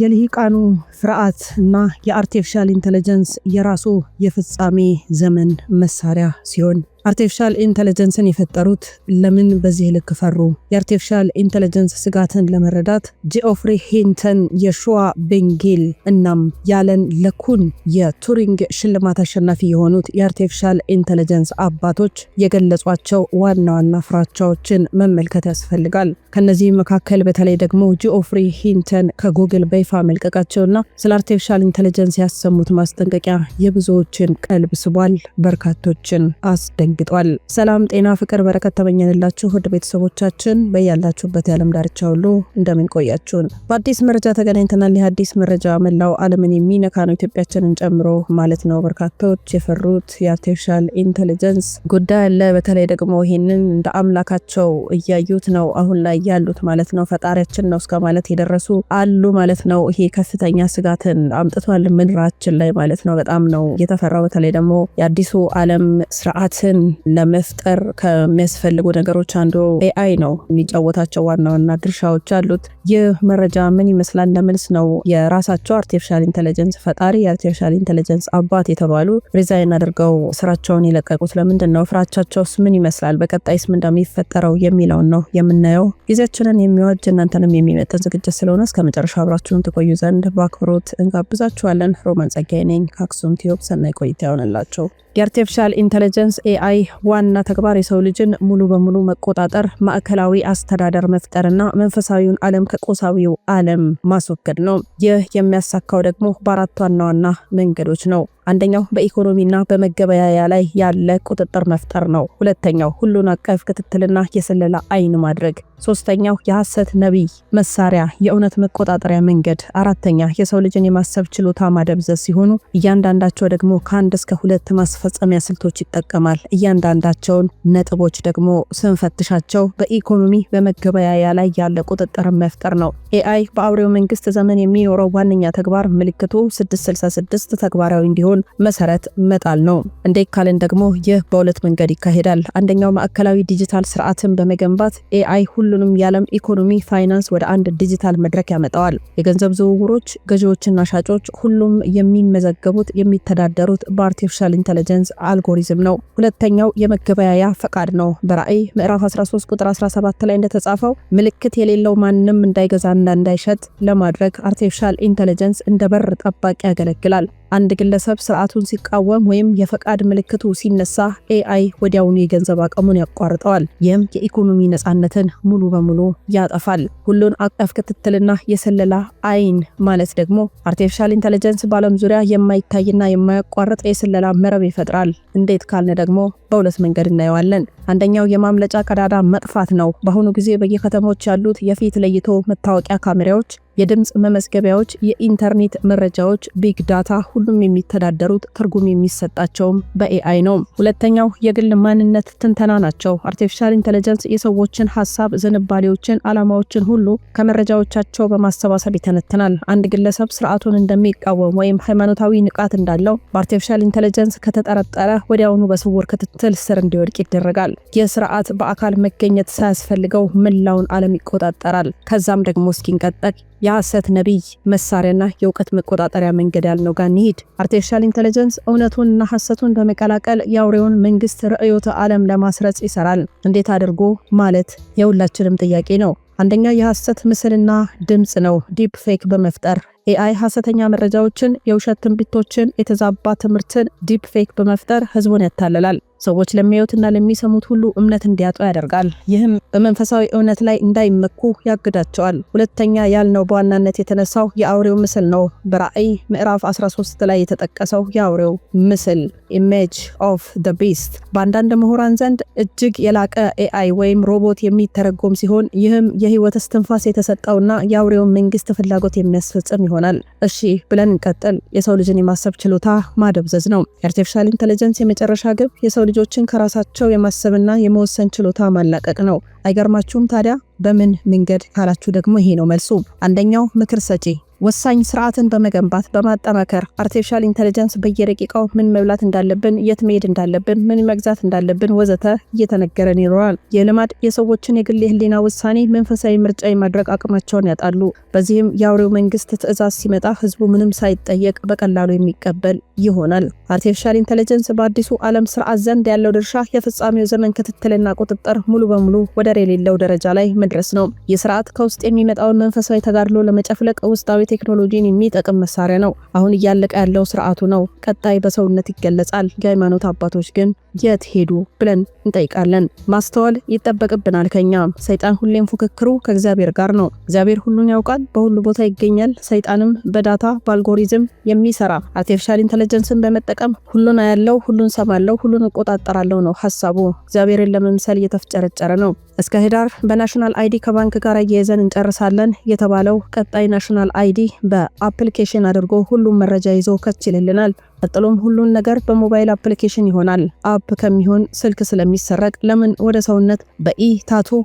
የልሂቃኑ ፍርዓት እና የአርቲፊሻል ኢንተለጀንስ የራሱ የፍጻሜ ዘመን መሳሪያ ሲሆን አርቲፊሻል ኢንተለጀንስን የፈጠሩት ለምን በዚህ ልክ ፈሩ? የአርቲፊሻል ኢንተለጀንስ ስጋትን ለመረዳት ጂኦፍሪ ሂንተን የሹዋ ቤንጌል እናም ያለን ለኩን የቱሪንግ ሽልማት አሸናፊ የሆኑት የአርቲፊሻል ኢንተለጀንስ አባቶች የገለጿቸው ዋና ዋና ፍራቻዎችን መመልከት ያስፈልጋል። ከነዚህ መካከል በተለይ ደግሞ ጂኦፍሪ ሂንተን ከጉግል በይፋ መልቀቃቸውና ስለ አርቲፊሻል ኢንተለጀንስ ያሰሙት ማስጠንቀቂያ የብዙዎችን ቀልብ ስቧል፣ በርካቶችን አስደ ደንግጧል። ሰላም፣ ጤና፣ ፍቅር፣ በረከት ተመኘንላችሁ ውድ ቤተሰቦቻችን በያላችሁበት የዓለም ዳርቻ ሁሉ እንደምን ቆያችሁን። በአዲስ መረጃ ተገናኝተናል። ይህ አዲስ መረጃ መላው ዓለምን የሚነካ ነው፣ ኢትዮጵያችንን ጨምሮ ማለት ነው። በርካቶች የፈሩት የአርቲፊሻል ኢንቴሊጀንስ ጉዳይ አለ። በተለይ ደግሞ ይህንን እንደ አምላካቸው እያዩት ነው አሁን ላይ ያሉት ማለት ነው። ፈጣሪያችን ነው እስከ ማለት የደረሱ አሉ ማለት ነው። ይሄ ከፍተኛ ስጋትን አምጥቷል ምድራችን ላይ ማለት ነው። በጣም ነው የተፈራው። በተለይ ደግሞ የአዲሱ ዓለም ስርዓትን ለመፍጠር ከሚያስፈልጉ ነገሮች አንዱ ኤአይ ነው። የሚጫወታቸው ዋና ዋና ድርሻዎች አሉት። ይህ መረጃ ምን ይመስላል? ለምንስ ነው የራሳቸው አርቲፊሻል ኢንቴለጀንስ ፈጣሪ የአርቲፊሻል ኢንቴለጀንስ አባት የተባሉ ሪዛይን አድርገው ስራቸውን የለቀቁት ለምንድን ነው? ፍራቻቸውስ ምን ይመስላል? በቀጣይስ ምን እንደሚፈጠረው የሚለውን ነው የምናየው። ጊዜያችንን የሚዋጅ እናንተንም የሚመጥን ዝግጅት ስለሆነ እስከ መጨረሻ አብራችሁን ትቆዩ ዘንድ በአክብሮት እንጋብዛችኋለን። ሮማን ጸጋዬ ነኝ ከአክሱም ቲዩብ። ሰናይ ቆይታ ይሆንላቸው። የአርቲፊሻል ኢንተለጀንስ ኤአይ ዋና ተግባር የሰው ልጅን ሙሉ በሙሉ መቆጣጠር፣ ማዕከላዊ አስተዳደር መፍጠርና መንፈሳዊውን ዓለም ከቆሳዊው ዓለም ማስወገድ ነው። ይህ የሚያሳካው ደግሞ በአራት ዋና ዋና መንገዶች ነው። አንደኛው በኢኮኖሚና በመገበያያ ላይ ያለ ቁጥጥር መፍጠር ነው። ሁለተኛው ሁሉን አቀፍ ክትትልና የስለላ አይን ማድረግ። ሶስተኛው የሐሰት ነቢይ መሳሪያ፣ የእውነት መቆጣጠሪያ መንገድ። አራተኛ የሰው ልጅን የማሰብ ችሎታ ማደብዘዝ ሲሆኑ እያንዳንዳቸው ደግሞ ከአንድ እስከ ሁለት ማስፈጸሚያ ስልቶች ይጠቀማል። እያንዳንዳቸውን ነጥቦች ደግሞ ስንፈትሻቸው በኢኮኖሚ በመገበያያ ላይ ያለ ቁጥጥር መፍጠር ነው። ኤአይ በአብሬው መንግስት ዘመን የሚኖረው ዋነኛ ተግባር ምልክቱ 666 ተግባራዊ እንዲሆን የሚለውን መሰረት መጣል ነው። እንደ ካልን ደግሞ ይህ በሁለት መንገድ ይካሄዳል። አንደኛው ማዕከላዊ ዲጂታል ስርዓትን በመገንባት ኤአይ ሁሉንም የዓለም ኢኮኖሚ፣ ፋይናንስ ወደ አንድ ዲጂታል መድረክ ያመጣዋል። የገንዘብ ዝውውሮች፣ ገዢዎችና ሻጮች ሁሉም የሚመዘገቡት የሚተዳደሩት በአርቲፊሻል ኢንቴሊጀንስ አልጎሪዝም ነው። ሁለተኛው የመገበያያ ፈቃድ ነው። በራእይ ምዕራፍ 13 ቁጥር 17 ላይ እንደተጻፈው ምልክት የሌለው ማንም እንዳይገዛና እንዳይሸጥ ለማድረግ አርቲፊሻል ኢንቴሊጀንስ እንደ በር ጠባቂ ያገለግላል። አንድ ግለሰብ ስርዓቱን ሲቃወም ወይም የፈቃድ ምልክቱ ሲነሳ ኤአይ ወዲያውኑ የገንዘብ አቅሙን ያቋርጠዋል። ይህም የኢኮኖሚ ነፃነትን ሙሉ በሙሉ ያጠፋል። ሁሉን አቀፍ ክትትልና የስለላ አይን ማለት ደግሞ አርቲፊሻል ኢንተለጀንስ በዓለም ዙሪያ የማይታይና የማያቋርጥ የስለላ መረብ ይፈጥራል። እንዴት ካልን ደግሞ በሁለት መንገድ እናየዋለን። አንደኛው የማምለጫ ቀዳዳ መጥፋት ነው። በአሁኑ ጊዜ በየከተሞች ያሉት የፊት ለይቶ መታወቂያ ካሜራዎች የድምፅ መመዝገቢያዎች፣ የኢንተርኔት መረጃዎች፣ ቢግ ዳታ፣ ሁሉም የሚተዳደሩት ትርጉም የሚሰጣቸውም በኤአይ ነው። ሁለተኛው የግል ማንነት ትንተና ናቸው። አርቲፊሻል ኢንተለጀንስ የሰዎችን ሀሳብ፣ ዝንባሌዎችን፣ አላማዎችን ሁሉ ከመረጃዎቻቸው በማሰባሰብ ይተነትናል። አንድ ግለሰብ ስርዓቱን እንደሚቃወም ወይም ሃይማኖታዊ ንቃት እንዳለው በአርቲፊሻል ኢንተለጀንስ ከተጠረጠረ ወዲያውኑ በስውር ክትትል ስር እንዲወድቅ ይደረጋል። ይህ ስርዓት በአካል መገኘት ሳያስፈልገው መላውን ዓለም ይቆጣጠራል። ከዛም ደግሞ እስኪንቀጠቅ የሐሰት ነቢይ መሳሪያና የእውቀት መቆጣጠሪያ መንገድ ያልነው ጋር እንሂድ። አርቲፊሻል ኢንቴሊጀንስ እውነቱንና ሐሰቱን በመቀላቀል የአውሬውን መንግስት ርዕዮተ ዓለም ለማስረጽ ይሰራል። እንዴት አድርጎ ማለት የሁላችንም ጥያቄ ነው። አንደኛ የሐሰት ምስልና ድምፅ ነው ዲፕ ፌክ በመፍጠር ኤአይ ሐሰተኛ መረጃዎችን፣ የውሸት ትንቢቶችን፣ የተዛባ ትምህርትን ዲፕ ፌክ በመፍጠር ህዝቡን ያታልላል። ሰዎች ለሚያዩትና ለሚሰሙት ሁሉ እምነት እንዲያጡ ያደርጋል። ይህም በመንፈሳዊ እውነት ላይ እንዳይመኩ ያግዳቸዋል። ሁለተኛ ያልነው በዋናነት የተነሳው የአውሬው ምስል ነው። በራእይ ምዕራፍ 13 ላይ የተጠቀሰው የአውሬው ምስል ኢሜጅ ኦፍ ደ ቢስት በአንዳንድ ምሁራን ዘንድ እጅግ የላቀ ኤአይ ወይም ሮቦት የሚተረጎም ሲሆን ይህም የህይወት እስትንፋስ የተሰጠውና የአውሬውን መንግስት ፍላጎት የሚያስፈጽም ይሆናል። እሺ ብለን እንቀጥል። የሰው ልጅን የማሰብ ችሎታ ማደብዘዝ ነው። የአርቲፊሻል ኢንቴሊጀንስ የመጨረሻ ግብ የሰው ልጆችን ከራሳቸው የማሰብና የመወሰን ችሎታ ማላቀቅ ነው። አይገርማችሁም ታዲያ? በምን መንገድ ካላችሁ ደግሞ ይሄ ነው መልሱ። አንደኛው ምክር ሰጪ ወሳኝ ስርዓትን በመገንባት በማጠናከር አርቲፊሻል ኢንተለጀንስ በየደቂቃው ምን መብላት እንዳለብን፣ የት መሄድ እንዳለብን፣ ምን መግዛት እንዳለብን ወዘተ እየተነገረን ይኖራል። የልማድ የሰዎችን የግል የህሊና ውሳኔ መንፈሳዊ ምርጫ የማድረግ አቅማቸውን ያጣሉ። በዚህም የአውሬው መንግስት ትዕዛዝ ሲመጣ ህዝቡ ምንም ሳይጠየቅ በቀላሉ የሚቀበል ይሆናል። አርቲፊሻል ኢንተለጀንስ በአዲሱ ዓለም ስርዓት ዘንድ ያለው ድርሻ የፍጻሜው ዘመን ክትትልና ቁጥጥር ሙሉ በሙሉ ወደር የሌለው ደረጃ ላይ መድረስ ነው። ይህ ስርዓት ከውስጥ የሚመጣውን መንፈሳዊ ተጋድሎ ለመጨፍለቅ ውስጣዊ ቴክኖሎጂን የሚጠቅም መሳሪያ ነው። አሁን እያለቀ ያለው ስርዓቱ ነው። ቀጣይ በሰውነት ይገለጻል። የሃይማኖት አባቶች ግን የት ሄዱ ብለን እንጠይቃለን። ማስተዋል ይጠበቅብናል ከኛ። ሰይጣን ሁሌም ፉክክሩ ከእግዚአብሔር ጋር ነው። እግዚአብሔር ሁሉን ያውቃል፣ በሁሉ ቦታ ይገኛል። ሰይጣንም በዳታ በአልጎሪዝም የሚሰራ አርቲፊሻል ኢንተለጀንስን በመጠቀም ሁሉን አያለው፣ ሁሉን ሰማለው፣ ሁሉን እቆጣጠራለው ነው ሀሳቡ። እግዚአብሔርን ለመምሰል እየተፍጨረጨረ ነው። እስከ ህዳር በናሽናል አይዲ ከባንክ ጋር እየይዘን እንጨርሳለን የተባለው ቀጣይ ናሽናል አይዲ እንግዲህ በአፕሊኬሽን አድርጎ ሁሉም መረጃ ይዞ ከች ይልልናል። ቀጥሎም ሁሉን ነገር በሞባይል አፕሊኬሽን ይሆናል። አፕ ከሚሆን ስልክ ስለሚሰረቅ ለምን ወደ ሰውነት በኢ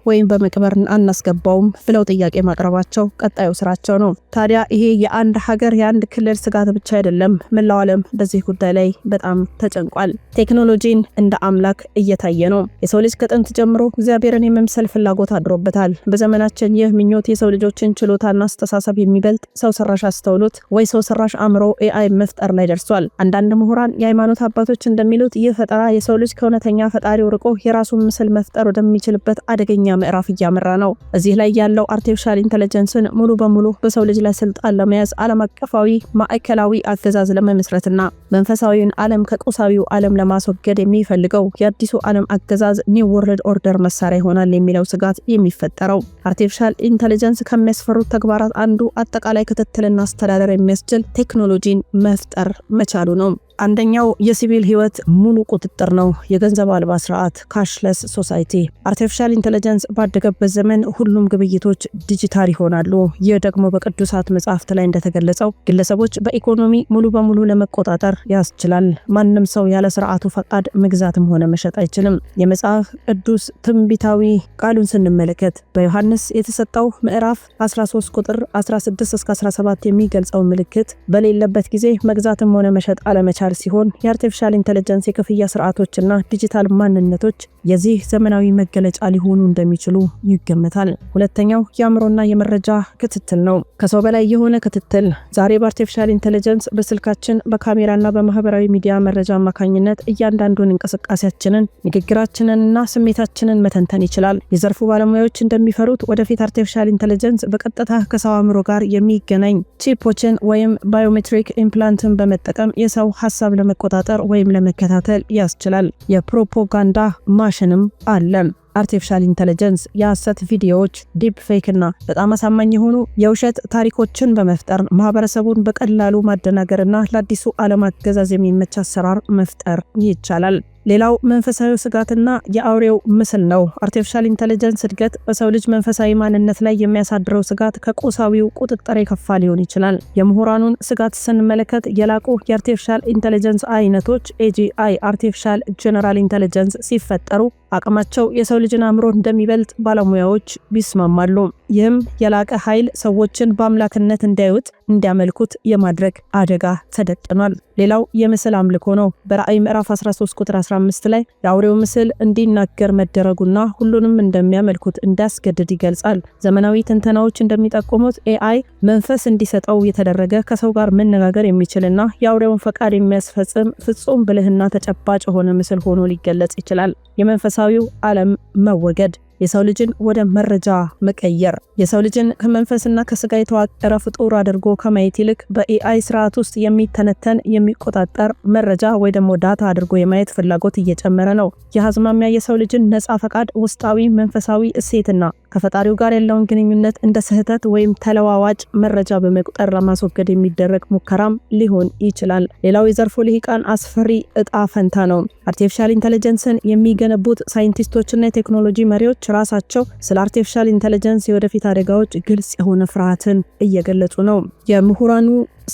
ወይም በመቅበር አናስገባውም ብለው ጥያቄ ማቅረባቸው ቀጣዩ ስራቸው ነው። ታዲያ ይሄ የአንድ ሀገር የአንድ ክልል ስጋት ብቻ አይደለም። መላው ዓለም በዚህ ጉዳይ ላይ በጣም ተጨንቋል። ቴክኖሎጂን እንደ አምላክ እየታየ ነው። የሰው ልጅ ከጥንት ጀምሮ እግዚአብሔርን የመምሰል ፍላጎት አድሮበታል። በዘመናችን ይህ ምኞት የሰው ልጆችን ችሎታና አስተሳሰብ የሚበልጥ ሰው ሰራሽ አስተውሎት ወይ ሰው ሰራሽ አእምሮ ኤአይ መፍጠር ላይ ደርሷል። አንዳንድ ምሁራን፣ የሃይማኖት አባቶች እንደሚሉት ይህ ፈጠራ የሰው ልጅ ከእውነተኛ ፈጣሪው ርቆ የራሱን ምስል መፍጠር ወደሚችልበት አደገኛ ምዕራፍ እያመራ ነው። እዚህ ላይ ያለው አርቲፊሻል ኢንተለጀንስን ሙሉ በሙሉ በሰው ልጅ ላይ ስልጣን ለመያዝ ዓለም አቀፋዊ ማዕከላዊ አገዛዝ ለመመስረትና መንፈሳዊውን ዓለም ከቁሳዊው ዓለም ለማስወገድ የሚፈልገው የአዲሱ ዓለም አገዛዝ ኒው ወርልድ ኦርደር መሳሪያ ይሆናል የሚለው ስጋት የሚፈጠረው አርቲፊሻል ኢንተለጀንስ ከሚያስፈሩት ተግባራት አንዱ አጠቃላይ ክትትልና አስተዳደር የሚያስችል ቴክኖሎጂን መፍጠር መቻሉ சொல்லணும் አንደኛው የሲቪል ህይወት ሙሉ ቁጥጥር ነው። የገንዘብ አልባ ስርዓት ካሽለስ ሶሳይቲ። አርቲፊሻል ኢንቴሊጀንስ ባደገበት ዘመን ሁሉም ግብይቶች ዲጂታል ይሆናሉ። ይህ ደግሞ በቅዱሳት መጽሐፍት ላይ እንደተገለጸው ግለሰቦች በኢኮኖሚ ሙሉ በሙሉ ለመቆጣጠር ያስችላል። ማንም ሰው ያለ ስርዓቱ ፈቃድ መግዛትም ሆነ መሸጥ አይችልም። የመጽሐፍ ቅዱስ ትንቢታዊ ቃሉን ስንመለከት በዮሐንስ የተሰጠው ምዕራፍ 13 ቁጥር 16 እስከ 17 የሚገልጸው ምልክት በሌለበት ጊዜ መግዛትም ሆነ መሸጥ አለመቻል የሚቻል ሲሆን የአርቲፊሻል ኢንተለጀንስ የክፍያ ስርዓቶችና ዲጂታል ማንነቶች የዚህ ዘመናዊ መገለጫ ሊሆኑ እንደሚችሉ ይገመታል። ሁለተኛው የአእምሮና የመረጃ ክትትል ነው። ከሰው በላይ የሆነ ክትትል። ዛሬ በአርቲፊሻል ኢንተለጀንስ በስልካችን በካሜራና በማህበራዊ ሚዲያ መረጃ አማካኝነት እያንዳንዱን እንቅስቃሴያችንን፣ ንግግራችንንና ስሜታችንን መተንተን ይችላል። የዘርፉ ባለሙያዎች እንደሚፈሩት ወደፊት አርቲፊሻል ኢንተለጀንስ በቀጥታ ከሰው አእምሮ ጋር የሚገናኝ ቺፖችን ወይም ባዮሜትሪክ ኢምፕላንትን በመጠቀም የሰው ሀሳብ ለመቆጣጠር ወይም ለመከታተል ያስችላል። የፕሮፓጋንዳ ማሽንም አለ። አርቲፊሻል ኢንተለጀንስ የሐሰት ቪዲዮዎች፣ ዲፕ ፌክ እና በጣም አሳማኝ የሆኑ የውሸት ታሪኮችን በመፍጠር ማህበረሰቡን በቀላሉ ማደናገርና ለአዲሱ ዓለም አገዛዝ የሚመች አሰራር መፍጠር ይቻላል። ሌላው መንፈሳዊ ስጋትና የአውሬው ምስል ነው። አርቲፊሻል ኢንተለጀንስ እድገት በሰው ልጅ መንፈሳዊ ማንነት ላይ የሚያሳድረው ስጋት ከቁሳዊው ቁጥጥር የከፋ ሊሆን ይችላል። የምሁራኑን ስጋት ስንመለከት የላቁ የአርቲፊሻል ኢንተለጀንስ አይነቶች ኤጂአይ አርቲፊሻል ጀነራል ኢንተለጀንስ ሲፈጠሩ አቅማቸው የሰው ልጅን አእምሮ እንደሚበልጥ ባለሙያዎች ይስማማሉ። ይህም የላቀ ኃይል ሰዎችን በአምላክነት እንዳዩት እንዲያመልኩት የማድረግ አደጋ ተደቅኗል። ሌላው የምስል አምልኮ ነው። በራእይ ምዕራፍ 13 ቁጥር 15 ላይ የአውሬው ምስል እንዲናገር መደረጉና ሁሉንም እንደሚያመልኩት እንዳስገድድ ይገልጻል። ዘመናዊ ትንተናዎች እንደሚጠቁሙት ኤአይ መንፈስ እንዲሰጠው የተደረገ ከሰው ጋር መነጋገር የሚችልና የአውሬውን ፈቃድ የሚያስፈጽም ፍጹም ብልህና ተጨባጭ የሆነ ምስል ሆኖ ሊገለጽ ይችላል። የመንፈሳዊው ዓለም መወገድ የሰው ልጅን ወደ መረጃ መቀየር የሰው ልጅን ከመንፈስና ከስጋ የተዋቀረ ፍጡር አድርጎ ከማየት ይልቅ በኤአይ ስርዓት ውስጥ የሚተነተን የሚቆጣጠር መረጃ ወይ ደግሞ ዳታ አድርጎ የማየት ፍላጎት እየጨመረ ነው። ይህ አዝማሚያ የሰው ልጅን ነፃ ፈቃድ፣ ውስጣዊ መንፈሳዊ እሴትና ከፈጣሪው ጋር ያለውን ግንኙነት እንደ ስህተት ወይም ተለዋዋጭ መረጃ በመቁጠር ለማስወገድ የሚደረግ ሙከራም ሊሆን ይችላል። ሌላው የዘርፉ ልሂቃን አስፈሪ እጣ ፈንታ ነው። አርቲፊሻል ኢንቴሊጀንስን የሚገነቡት ሳይንቲስቶችና የቴክኖሎጂ መሪዎች ራሳቸው ስለ አርቲፊሻል ኢንተለጀንስ የወደፊት አደጋዎች ግልጽ የሆነ ፍርሃትን እየገለጹ ነው። የምሁራኑ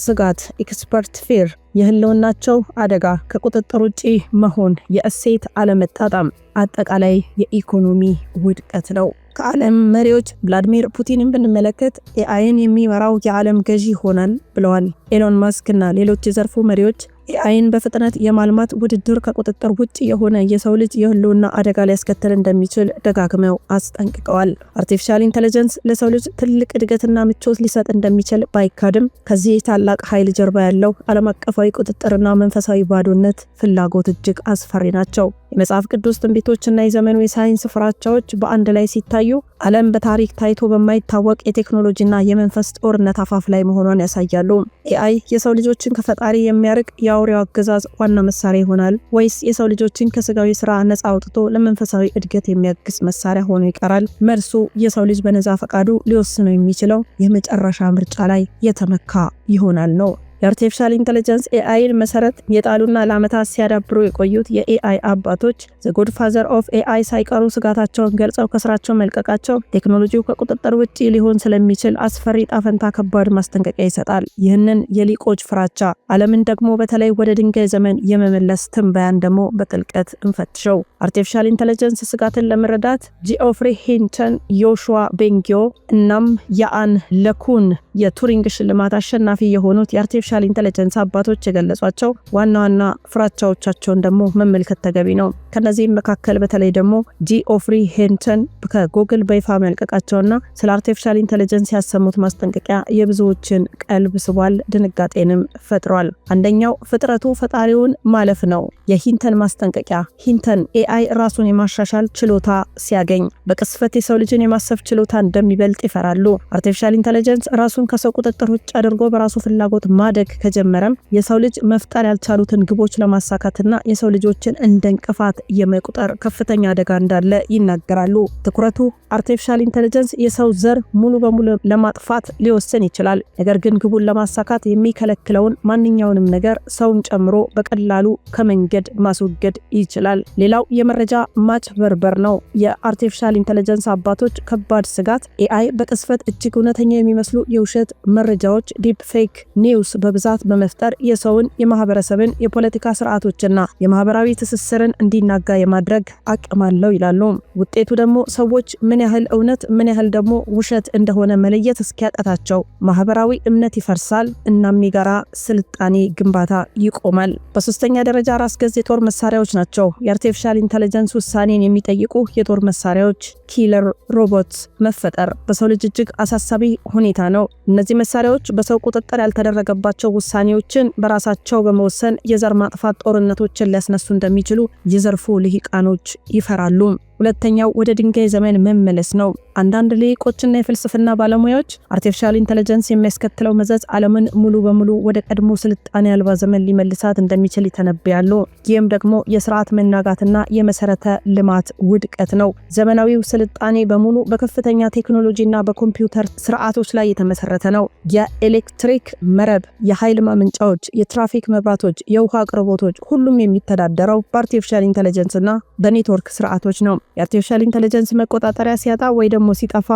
ስጋት ኤክስፐርት ፌር የህልውናቸው አደጋ ከቁጥጥር ውጪ መሆን፣ የእሴት አለመጣጣም፣ አጠቃላይ የኢኮኖሚ ውድቀት ነው። ከዓለም መሪዎች ቭላዲሚር ፑቲንን ብንመለከት ኤአይን የሚመራው የዓለም ገዢ ሆናል ብለዋል። ኤሎን ማስክ እና ሌሎች የዘርፉ መሪዎች ኤአይን በፍጥነት የማልማት ውድድር ከቁጥጥር ውጭ የሆነ የሰው ልጅ የህልውና አደጋ ሊያስከትል እንደሚችል ደጋግመው አስጠንቅቀዋል። አርቲፊሻል ኢንቴሊጀንስ ለሰው ልጅ ትልቅ እድገትና ምቾት ሊሰጥ እንደሚችል ባይካድም ከዚህ ታላቅ ኃይል ጀርባ ያለው ዓለም አቀፋዊ ቁጥጥርና መንፈሳዊ ባዶነት ፍላጎት እጅግ አስፈሪ ናቸው። የመጽሐፍ ቅዱስ ትንቢቶችና የዘመኑ የሳይንስ ፍራቻዎች በአንድ ላይ ሲታዩ ዓለም በታሪክ ታይቶ በማይታወቅ የቴክኖሎጂና የመንፈስ ጦርነት አፋፍ ላይ መሆኗን ያሳያሉ። ኤአይ የሰው ልጆችን ከፈጣሪ የሚያርቅ የአውሬው አገዛዝ ዋና መሳሪያ ይሆናል ወይስ የሰው ልጆችን ከስጋዊ ስራ ነፃ አውጥቶ ለመንፈሳዊ እድገት የሚያግዝ መሳሪያ ሆኖ ይቀራል? መልሱ የሰው ልጅ በነፃ ፈቃዱ ሊወስነው የሚችለው የመጨረሻ ምርጫ ላይ የተመካ ይሆናል ነው። የአርቲፊሻል ኢንቴሊጀንስ ኤአይን መሰረት የጣሉና ለአመታት ሲያዳብሩ የቆዩት የኤአይ አባቶች ዘጎድ ፋዘር ኦፍ ኤአይ ሳይቀሩ ስጋታቸውን ገልጸው ከስራቸው መልቀቃቸው ቴክኖሎጂው ከቁጥጥር ውጭ ሊሆን ስለሚችል አስፈሪ ጣፈንታ ከባድ ማስጠንቀቂያ ይሰጣል። ይህንን የሊቆች ፍራቻ ዓለምን ደግሞ በተለይ ወደ ድንጋይ ዘመን የመመለስ ትንበያን ደግሞ በጥልቀት እንፈትሸው። አርቲፊሻል ኢንቴሊጀንስ ስጋትን ለመረዳት ጂኦፍሪ ሂንተን፣ ዮሹዋ ቤንጊዮ እናም የአን ለኩን የቱሪንግ ሽልማት አሸናፊ የሆኑት የአርቲፊሻል የአርቲፊሻል ኢንቴሊጀንስ አባቶች የገለጿቸው ዋና ዋና ፍራቻዎቻቸውን ደግሞ መመልከት ተገቢ ነው። ከነዚህም መካከል በተለይ ደግሞ ጂኦፍሪ ሄንተን ከጉግል በይፋ መልቀቃቸውና ስለ አርቲፊሻል ኢንቴሊጀንስ ያሰሙት ማስጠንቀቂያ የብዙዎችን ቀልብ ስቧል፣ ድንጋጤንም ፈጥሯል። አንደኛው ፍጥረቱ ፈጣሪውን ማለፍ ነው። የሂንተን ማስጠንቀቂያ ሂንተን ኤአይ ራሱን የማሻሻል ችሎታ ሲያገኝ በቅስፈት የሰው ልጅን የማሰብ ችሎታ እንደሚበልጥ ይፈራሉ። አርቲፊሻል ኢንቴሊጀንስ ራሱን ከሰው ቁጥጥር ውጭ አድርጎ በራሱ ፍላጎት ማደ ማደግ ከጀመረም የሰው ልጅ መፍጠር ያልቻሉትን ግቦች ለማሳካትና የሰው ልጆችን እንደ እንቅፋት የመቁጠር ከፍተኛ አደጋ እንዳለ ይናገራሉ። ትኩረቱ አርቲፊሻል ኢንቴሊጀንስ የሰው ዘር ሙሉ በሙሉ ለማጥፋት ሊወስን ይችላል። ነገር ግን ግቡን ለማሳካት የሚከለክለውን ማንኛውንም ነገር ሰውን ጨምሮ በቀላሉ ከመንገድ ማስወገድ ይችላል። ሌላው የመረጃ ማጭበርበር ነው። የአርቲፊሻል ኢንቴሊጀንስ አባቶች ከባድ ስጋት ኤአይ በቅስፈት እጅግ እውነተኛ የሚመስሉ የውሸት መረጃዎች ዲፕ ፌክ ኒውስ በብዛት በመፍጠር የሰውን የማህበረሰብን የፖለቲካ ስርዓቶችና የማህበራዊ ትስስርን እንዲናጋ የማድረግ አቅም አለው ይላሉ። ውጤቱ ደግሞ ሰዎች ምን ያህል እውነት ምን ያህል ደግሞ ውሸት እንደሆነ መለየት እስኪያቀታቸው ማህበራዊ እምነት ይፈርሳል፣ እናም የጋራ ስልጣኔ ግንባታ ይቆማል። በሶስተኛ ደረጃ ራስ ገዝ የጦር መሳሪያዎች ናቸው። የአርቲፊሻል ኢንተለጀንስ ውሳኔን የሚጠይቁ የጦር መሳሪያዎች ኪለር ሮቦት መፈጠር በሰው ልጅ እጅግ አሳሳቢ ሁኔታ ነው። እነዚህ መሳሪያዎች በሰው ቁጥጥር ያልተደረገባቸው የሚወስኗቸው ውሳኔዎችን በራሳቸው በመወሰን የዘር ማጥፋት ጦርነቶችን ሊያስነሱ እንደሚችሉ የዘርፉ ልሂቃኖች ይፈራሉ። ሁለተኛው ወደ ድንጋይ ዘመን መመለስ ነው። አንዳንድ ሊቆችና የፍልስፍና ባለሙያዎች አርቲፊሻል ኢንተለጀንስ የሚያስከትለው መዘዝ ዓለምን ሙሉ በሙሉ ወደ ቀድሞ ስልጣኔ አልባ ዘመን ሊመልሳት እንደሚችል ይተነብያሉ። ይህም ደግሞ የስርዓት መናጋትና የመሰረተ ልማት ውድቀት ነው። ዘመናዊው ስልጣኔ በሙሉ በከፍተኛ ቴክኖሎጂና በኮምፒውተር ስርዓቶች ላይ የተመሰረተ ነው። የኤሌክትሪክ መረብ፣ የኃይል ማመንጫዎች፣ የትራፊክ መብራቶች፣ የውሃ አቅርቦቶች ሁሉም የሚተዳደረው በአርቲፊሻል ኢንተለጀንስና በኔትወርክ ስርዓቶች ነው። የአርቲፊሻል ኢንተለጀንስ መቆጣጠሪያ ሲያጣ ወይ ደግሞ ሲጠፋ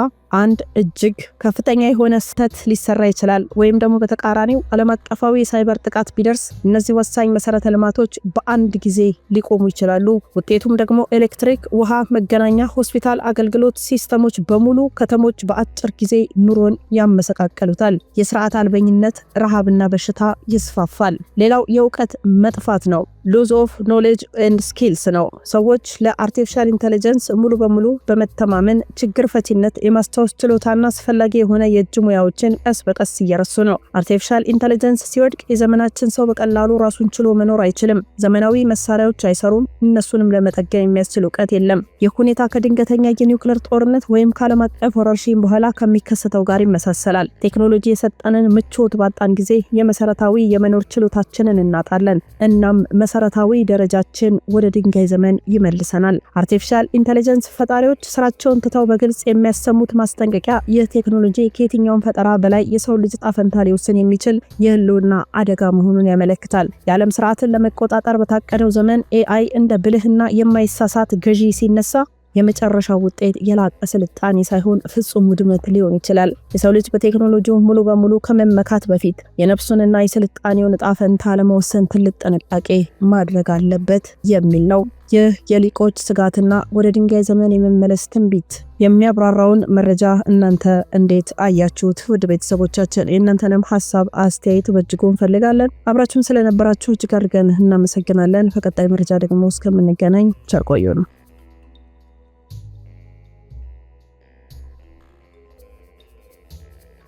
አንድ እጅግ ከፍተኛ የሆነ ስህተት ሊሰራ ይችላል። ወይም ደግሞ በተቃራኒው ዓለም አቀፋዊ የሳይበር ጥቃት ቢደርስ እነዚህ ወሳኝ መሰረተ ልማቶች በአንድ ጊዜ ሊቆሙ ይችላሉ። ውጤቱም ደግሞ ኤሌክትሪክ፣ ውሃ፣ መገናኛ፣ ሆስፒታል አገልግሎት ሲስተሞች በሙሉ ከተሞች በአጭር ጊዜ ኑሮን ያመሰቃቀሉታል። የስርዓት አልበኝነት፣ ረሃብና በሽታ ይስፋፋል። ሌላው የእውቀት መጥፋት ነው። ሉዝ ኦፍ ኖሌጅ ኤንድ ስኪልስ ነው። ሰዎች ለአርቲፊሻል ኢንቴሊጀንስ ሙሉ በሙሉ በመተማመን ችግር ፈቺነት የማስታወ ሰዎች ችሎታና አስፈላጊ የሆነ የእጅ ሙያዎችን ቀስ በቀስ እየረሱ ነው። አርቲፊሻል ኢንተለጀንስ ሲወድቅ የዘመናችን ሰው በቀላሉ ራሱን ችሎ መኖር አይችልም። ዘመናዊ መሳሪያዎች አይሰሩም፣ እነሱንም ለመጠገን የሚያስችል እውቀት የለም። ይህ ሁኔታ ከድንገተኛ የኒውክሌር ጦርነት ወይም ከዓለም አቀፍ ወረርሽኝ በኋላ ከሚከሰተው ጋር ይመሳሰላል። ቴክኖሎጂ የሰጠንን ምቾት ባጣን ጊዜ የመሰረታዊ የመኖር ችሎታችንን እናጣለን። እናም መሰረታዊ ደረጃችን ወደ ድንጋይ ዘመን ይመልሰናል። አርቲፊሻል ኢንተለጀንስ ፈጣሪዎች ስራቸውን ትተው በግልጽ የሚያሰሙት ማስ ማስጠንቀቂያ ይህ ቴክኖሎጂ ከየትኛውም ፈጠራ በላይ የሰው ልጅ ጣፈንታ ሊወስን የሚችል የህልውና አደጋ መሆኑን ያመለክታል። የዓለም ስርዓትን ለመቆጣጠር በታቀደው ዘመን ኤአይ እንደ ብልህና የማይሳሳት ገዢ ሲነሳ የመጨረሻው ውጤት የላቀ ስልጣኔ ሳይሆን ፍጹም ውድመት ሊሆን ይችላል። የሰው ልጅ በቴክኖሎጂው ሙሉ በሙሉ ከመመካት በፊት የነፍሱንና የስልጣኔውን እጣ ፈንታ ለመወሰን ትልቅ ጥንቃቄ ማድረግ አለበት የሚል ነው። ይህ የሊቆች ስጋትና ወደ ድንጋይ ዘመን የመመለስ ትንቢት የሚያብራራውን መረጃ እናንተ እንዴት አያችሁት? ውድ ቤተሰቦቻችን የእናንተንም ሀሳብ አስተያየት በእጅጉ እንፈልጋለን። አብራችሁን ስለነበራችሁ እጅግ አድርገን እናመሰግናለን። በቀጣይ መረጃ ደግሞ እስከምንገናኝ ቸር ቆዩን።